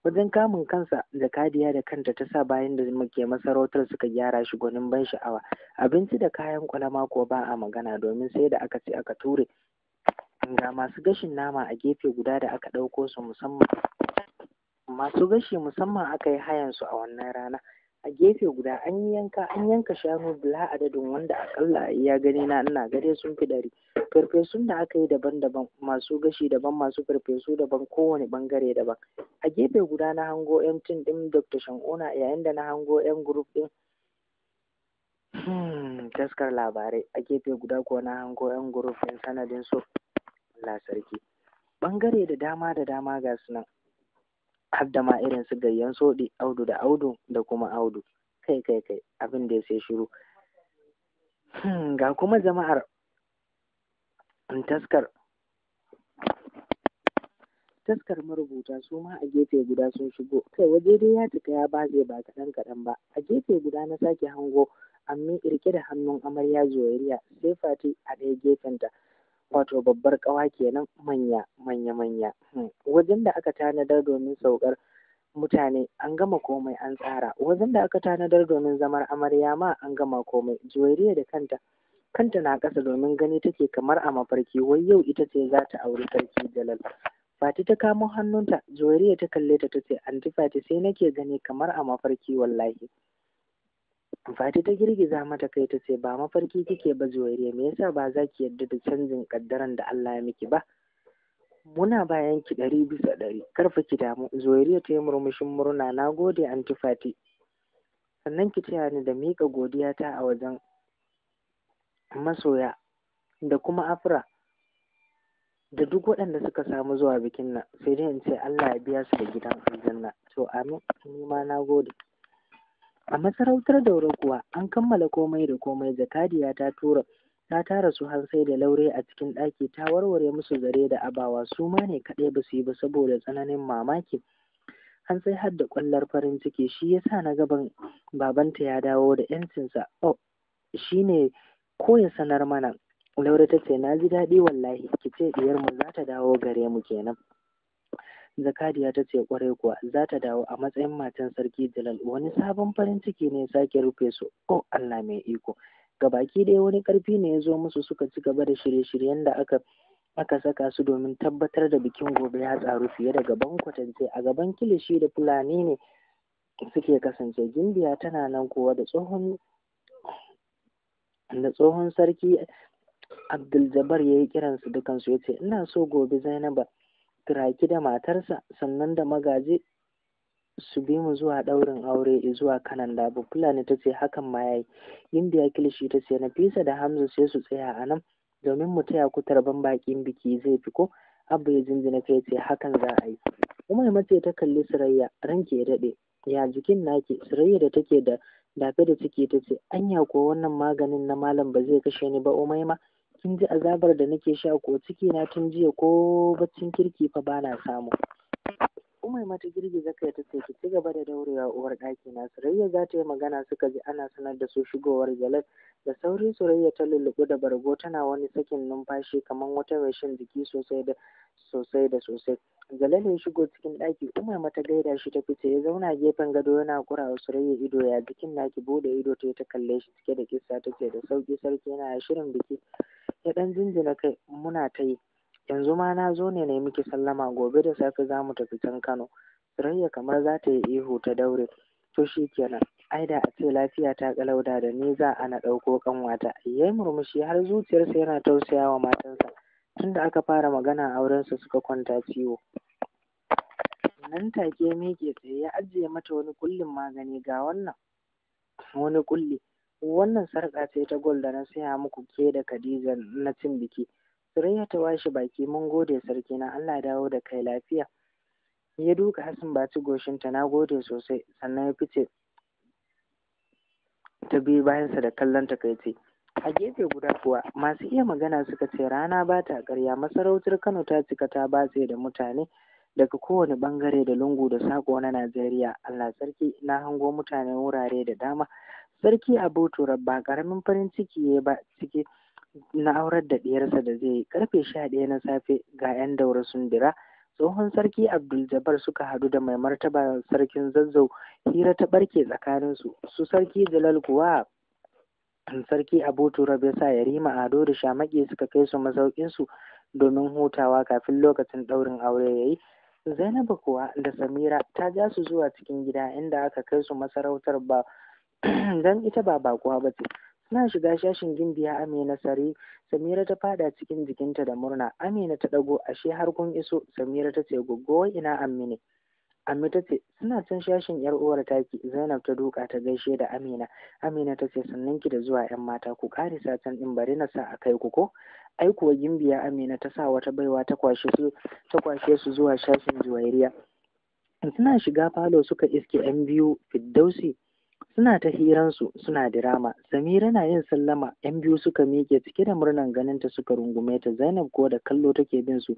wajen kamun kansa da kadiya da kanta ta sa bayan da muke masarautar suka gyara shi gwanin ban sha'awa abinci da kayan kwalama ko ba a magana domin sai da aka ce aka ture ga masu gashin nama a gefe guda da aka ɗauko su musamman masu gashi musamman aka yi hayan su a wannan rana a gefe guda an yi yanka an yanka shanu bila adadin wanda akalla a iya gani na ina gare sun fi ɗari farfesun da aka yi daban-daban masu gashi daban masu farfesu daban kowane bangare daban a gefe guda na hango yan tin ɗin dr shan'ona yayin da na hango yan group ɗin hmm, taskar labarai a gefe guda ko na hango yan group ɗin sanadin so Allah sarki ɓangare da dama da dama ga su nan har da ma irin su gayyan soɗi audu da audu da kuma audu kai kai kai abin da ya sai shiru hmm, ga kuma jama'ar hmm, taskar taskar marubuta su ma a gefe guda sun shigo kai waje dai ya cika ya baje ba kaɗan kaɗan ba a gefe guda na sake hango amma irke da hannun amarya zoyayya sai fati a ɗaya gefenta wato babbar ƙawa kenan manya manya manya hmm. wajen da aka tanadar domin saukar mutane an gama komai an tsara wajen da aka tanadar domin zamar amarya ma an gama komai juwairiya da kanta kanta na ƙasa domin gani take kamar a mafarki wai yau ita ce za ta auri sarki jalal fati ta kamo hannunta juwairiya ta kalle ta tace anti fati sai nake gani kamar a mafarki wallahi Fati ta girgiza mata kai ta ce ba mafarki kike ba juwairiya me yasa ba za ki yarda da canjin kaddaran da Allah ya miki ba muna bayan ki ɗari bisa ɗari karfa ki damu juwairiya ta yi murmushin murna na gode anti Fati sannan ki taya ni da miƙa godiya ta a wajen masoya da kuma afra da duk waɗanda suka samu zuwa bikin nan sai dai in ce Allah ya biya su da gidan aljanna to amin ni ma na gode A masarautar Daura kuwa an kammala komai da komai Jakadiya ta tura ta tara su har sai da Laure a cikin ɗaki ta warware musu zare da abawa su ma ne kaɗai ba su yi ba saboda tsananin mamaki. An sai har da ƙwallar farin ciki shi ya sa na gaban babanta ya dawo da ‘yancinsa. Oh, shi ne ko ya sanar mana. Laure ta ce na ji daɗi wallahi ki ce diyarmu za ta dawo gare mu kenan. Zakariya ta ce kwarai kuwa za ta dawo a matsayin matan sarki Jalal wani sabon farin ciki ne sake rufe su ko Allah mai iko. Gabaki ɗaya wani karfi ne ya zo musu suka ci gaba da shirye-shiryen da aka aka saka su domin tabbatar da bikin gobe ya tsaru fiye da gaban kwatance a gaban kilishi da fulani ne suke kasance gimbiya tana nan kowa da tsohon da tsohon sarki abdul ya yi kiransu dukansu ya ce ina so gobe zainaba turaki da matarsa sannan da magaji su bi mu zuwa ɗaurin aure zuwa kanan labu fulani ta ce hakan ma yayi indiya kilishi ta ce na fisa da hamza sai su tsaya a nan domin mu taya ku tarban bakin biki zai fi ko abba ya jinjina kai ce hakan za a yi umar mace ta kalli Sirayya. ranke ya daɗe ya jikin naki Sirayya da take da dafe da ciki ta ce anya ko wannan maganin na malam ba zai kashe ni ba umaima kin ji azabar da nake sha ko ciki na tun jiya ko baccin kirki fa bana samu Umaima mata girgiza kai ta ce ki ci gaba da daurewa uwar ɗaki na Surayya za ta yi magana suka ji ana sanar da su shigowar Jalal da sauri Surayya ta lullubu da bargo tana wani sakin numfashi kamar wata mai shan jiki sosai da sosai da sosai. Jalal ya shigo cikin ɗaki umar mata gaida shi ta fice ya zauna gefen gado yana kura wa Surayya ido ya jikin naki bude ido ta ta kalle shi cike da kissa ta ce da sauki sarki yana shirin biki ya ɗan jinjina kai muna ta yi. yanzu ma na zo ne na yi miki sallama gobe da safe za mu tafi can Kano Sarayya kamar za ta yi ihu ta daure to shi kenan ai da a ce lafiya ta kalauda da ni za a na ɗauko kanwata yi murmushi har zuciyarsa yana tausaya wa matansa tunda aka fara magana wurinsa suka kwanta ciwo nan take miƙe tsaye ya ajiye mata wani kullin magani ga wannan wani kulli wannan sarƙa ce ta gwal da na saya muku ke da Khadija na cin biki Surayya ta washe baki mun gode sarki na Allah dawo da kai lafiya. Ya duka Hassan baci goshinta na gode sosai sannan ya fice ta biyu bayansa da kallon takaici. A gefe guda kuwa masu iya magana suka ce rana ba ta ƙarya masarautar Kano ta cika ta batse da mutane daga kowane bangare da lungu da saƙo na Najeriya. Allah sarki na hango mutane wurare da dama. Sarki Abu Turab ba ƙaramin farin ciki ya ba ciki na aurar da ɗiyarsa da zai yi karfe sha ɗaya na safe ga 'yan daura sun dira tsohon sarki abdul jabbar suka hadu da mai martaba sarkin zazzau hira ta ɓarke tsakaninsu su sarki jalal kuwa sarki abu turab ya sa yarima ado da shamaki suka kai su masaukinsu domin hutawa kafin lokacin ɗaurin aure ya yi zainabu kuwa da samira ta ja su zuwa cikin gida inda aka kai su masarautar ba [clears throat] don ita ba bakuwa ba ce Suna shiga shashin gimbiya Amina sare, Samira ta fada cikin jikinta da murna. Amina ta ɗago ashe har kun iso, Samira ta ce goggo ina Amina? Amina ta ce suna can shashin yar uwar taki Zainab ta duka ta gaishe da Amina. Amina ta ce sannan ki da zuwa yan mata ku kare satan din bari na sa a kai ku ko? Ai kuwa gimbiya Amina ta sa wata baiwa ta kwashe su ta kwashe su zuwa shashin juwairiya. Suna shiga falo suka iske yan biyu Fiddausi suna ta hiransu suna dirama samira na yin sallama yan biyu suka miƙe cike da murnan ganin ta suka rungume ta zainab ko da kallo take bin su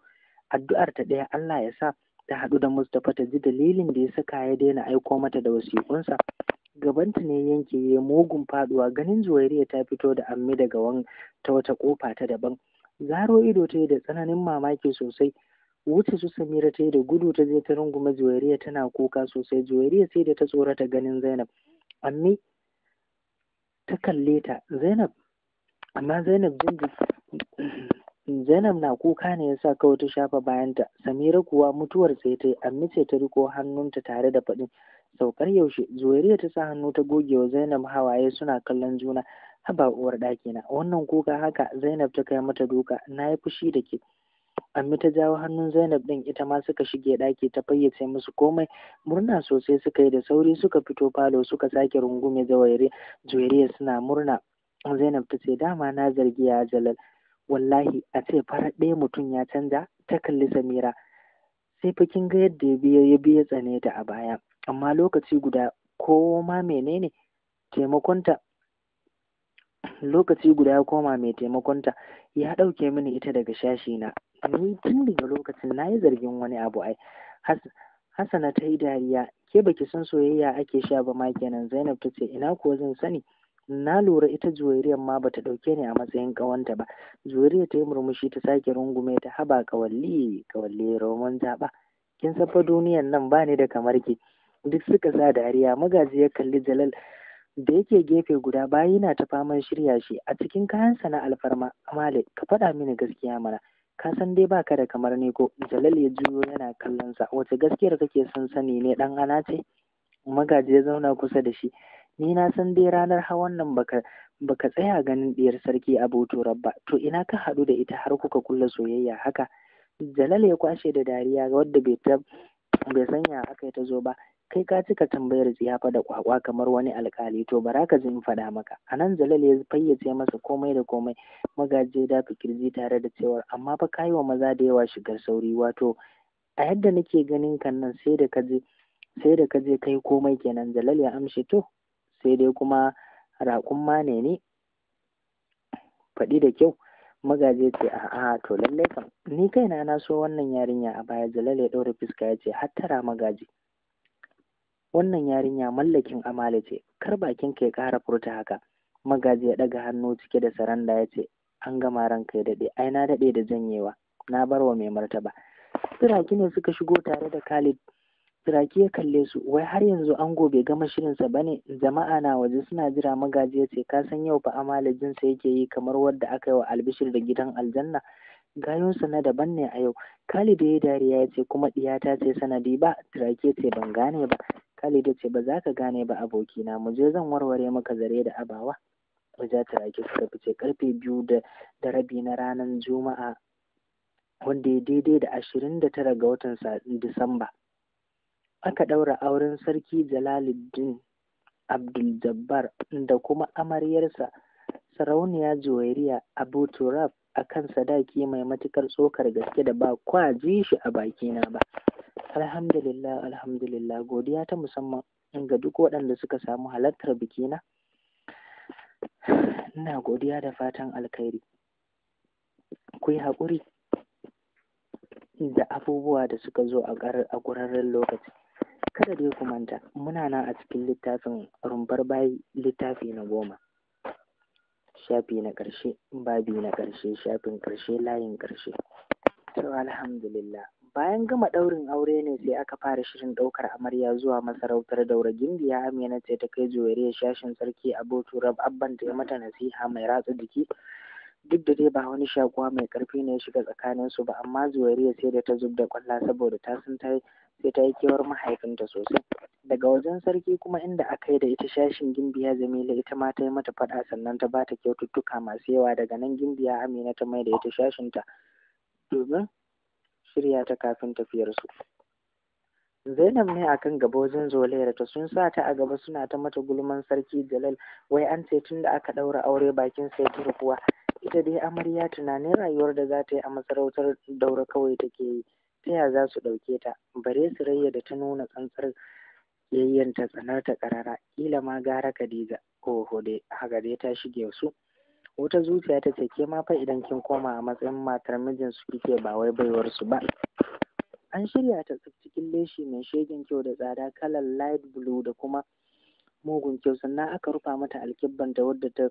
addu'ar ta ɗaya allah ya sa ta haɗu da mustapha ta ji dalilin da ya saka ya daina aiko mata da wasiƙunsa gabanta ne yanke ya mugun faduwa ganin juwairiya ta fito da ammi daga wani ta wata ƙofa ta daban zaro ido ta yi da tsananin mamaki sosai wuce su samira ta yi da gudu ta je ta rungume juwairiya tana kuka sosai juwairiya sai da ta tsorata ganin zainab amma ta kalle ta zainab amma zainab Zainab na kuka ne yasa kawai ta shafa bayanta, Samira kuwa mutuwar sai ta amma ce ta riko hannunta tare da faɗin saukar yaushe. Zuwairiya ta sa hannu ta gogewa Zainab hawaye suna kallon juna. Haba uwar na wannan kuka haka Zainab ta kai mata duka, na yi fushi da ke. Ammi ta jawo hannun Zainab ɗin ita ma suka shige ɗaki ta fayyace musu komai. Murna sosai suka yi da sauri suka fito falo suka sake rungume Juwairiya suna murna. Zainab ta ce dama na zargi ya Jalal. Wallahi a ce farar ɗaya mutum ya canza ta kalli Samira. Sai fa kin ga yadda ya biya ya biya tsane ta a baya. Amma lokaci guda ko ma menene taimakonta lokaci guda ya koma mai taimakonta ya ɗauke mini ita daga shashi na ni tun daga lokacin na yi zargin wani abu ai hassana ta yi dariya ke baki san soyayya ake sha ba ma kenan zainab ta ce ina kuwa zan sani na lura ita juwairiyar ma bata ɗauke ni a matsayin ƙawanta ba juwairiya ta yi murmushi ta sake rungume ta haba ƙawalli ƙawalli roman zaɓa kin san fa duniyan nan ba ni da kamar ki duk suka sa dariya magaji ya kalli jalal da yake gefe guda bayan na ta faman shirya shi a cikin kayansa na alfarma amale ka faɗa mini gaskiya mana ka san dai baka da kamar ni ko jalal ya juyo yana kallon sa wace gaskiyar kake son sani ne dan ana ce magaji ya zauna kusa da shi ni na san dai ranar hawan nan baka baka tsaya ganin diyar sarki aboto ba to ina ka haɗu da ita har kuka kulla soyayya haka jalal ya kwashe da dariya wadda bai bai sanya aka ta zo ba kai ka cika tambayar ziyafa da kwakwa kamar wani alkali to bara ka ji in faɗa maka a nan ya fayyace masa komai da komai magaje da fikirji tare da cewar amma fa yi wa maza da yawa shigar sauri wato a yadda nake ganin kan nan sai da ka sai da ka kai komai kenan zalal ya amshi to sai dai kuma raƙun ma ne ne faɗi da kyau magaje ce a a to lallai kam ni kaina na so wannan yarinya a baya zalal ya ɗaura fuska ya ce hattara magaje wannan yarinya mallakin amala ce kar bakin ka ya ƙara furta haka magaji ya ɗaga hannu cike da saranda ya ce an gama ranka ya daɗe ai na daɗe da janyewa na bar wa mai martaba tsiraki ne suka shigo tare da khalid tsiraki ya kalle su wai har yanzu ango bai gama shirinsa ba ne jama'a na waje suna jira magaji ya ce ka san yau fa amala jinsa yake yi kamar wadda aka yi wa albishir da gidan aljanna gayonsa na daban ne a yau khalid ya yi dariya ya ce kuma ɗiyata ce sanadi ba tsiraki ya ce ban gane ba Khalid ya ce ba za ka gane ba abokina mu je zan warware maka zare da abawa. Wajen turaki suka fice karfe biyu da da rabi na ranar Juma'a wanda ya daidai da ashirin da tara ga watan Disamba. Aka ɗaura auren sarki Jalaluddin Abdul Jabbar da kuma amaryarsa sarauniya Juwairiya Abu Turab a kan sadaki mai matukar tsokar gaske da ba kwa ji shi a bakina ba. Alhamdulillah, alhamdulillah, godiya ta musamman ga duk waɗanda suka samu halartar bikina. Ina godiya da fatan alkhairi. Ku yi haƙuri da abubuwa da suka zo a ƙurarren lokaci. Kada dai ku manta, muna nan a cikin littafin rumbar bayi littafi na goma. Shafi na ƙarshe, babi na ƙarshe, shafin ƙarshe, layin ƙarshe. To, alhamdulillah. Bayan gama ɗaurin aure ne sai aka fara shirin ɗaukar amarya zuwa masarautar Daura Gimbiya Amina ce ta kai jewariyar shashin sarki Abotu Rab Abban ta mata nasiha mai ratsa jiki. Duk da dai ba wani shakuwa mai ƙarfi ne ya shiga tsakanin su ba amma juweriya sai da ta zub da kwalla saboda ta san ta sai ta yi kewar mahaifinta sosai. Daga wajen sarki kuma inda aka yi da ita shashin Gimbiya Jamila ita ma ta yi mata faɗa sannan ta ba ta kyaututtuka masu yawa daga nan Gimbiya Amina ta mai da ita shashinta. Domin shirya ta kafin tafiyarsu. Zainab ne akan gaba wajen zolayar ta sun sa ta a gaba suna ta mata gulman sarki Jalal wai an ce tun da aka ɗaura aure bakin sai kuwa ita dai amarya tunanin rayuwar da za ta yi a masarautar daura kawai take yi ta ya za su ɗauke ta bare su rayya da ta nuna tsantsar yayyanta tsanar ta ƙarara ƙila ma gara Khadija ko hode haka dai ta shige su wata zuciya ta ce ke ma fa idan kin koma a matsayin matar mijinsu kike ba wai baiwar su ba an shirya ta cikin leshi mai shegen kyau da tsada kalar light blue da kuma mugun kyau sannan aka rufa mata alkibban da wadda ta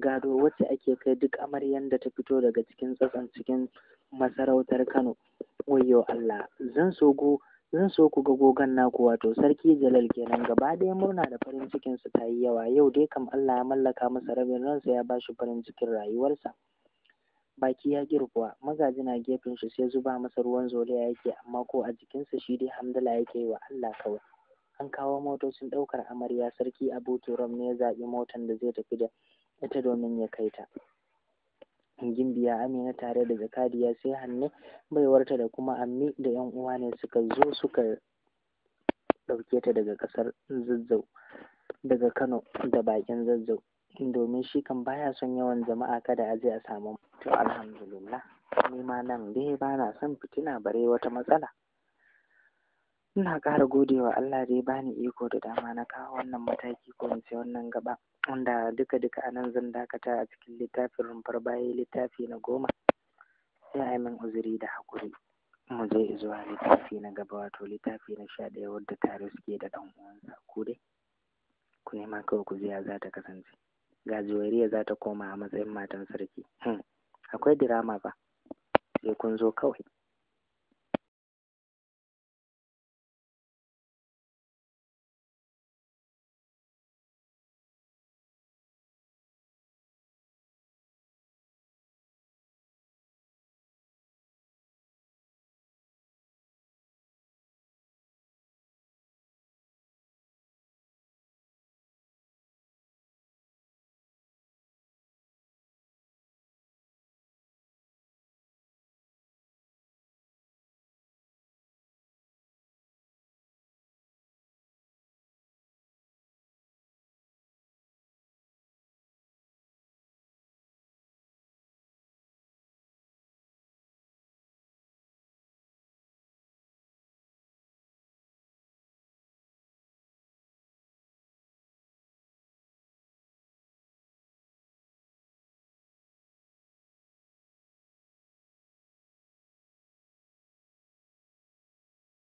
gado wacce ake kai duk amaryan da ta fito daga cikin tsatson cikin masarautar kano wayyo allah zan so go zan so ku ga gogon naku wato sarki jalal kenan gaba ɗaya murna da farin cikin su yi yawa yau dai kam Allah ya mallaka masa rabin ransa ya bashi farin cikin rayuwarsa baki ya girkuwa magaji na gefen shi sai zuba masa ruwan zoliya yake amma ko a jikinsa shi dai hamdala yake yi wa Allah kawai an kawo motocin ɗaukar amarya sarki abu turam ne ya zaɓi motan da zai tafi da ita domin ya kai ta gimbiya Amina tare da jakadiya sai hannu, baiwarta da kuma Ammi da 'yan uwa ne suka zo suka ɗauke ta daga ƙasar Zazzau daga Kano da bakin Zazzau domin shi kan baya son yawan jama'a kada a zai a samu to alhamdulillah ni ma nan dai ba na son fitina bare wata matsala ina ƙara godewa Allah da ya bani iko da dama na kawo wannan mataki ko in wannan gaba wanda duka duka a nan zan dakata a cikin littafin rumfar baya littafi na goma sai a min uzuri da haƙuri mu je zuwa littafi na gaba wato littafi na sha ɗaya wadda tare suke da ɗan uwansa ku dai ku nema kawai ku ziya za ta kasance ga juwariya za koma a matsayin matan sarki hmm, akwai dirama ba sai kun zo kawai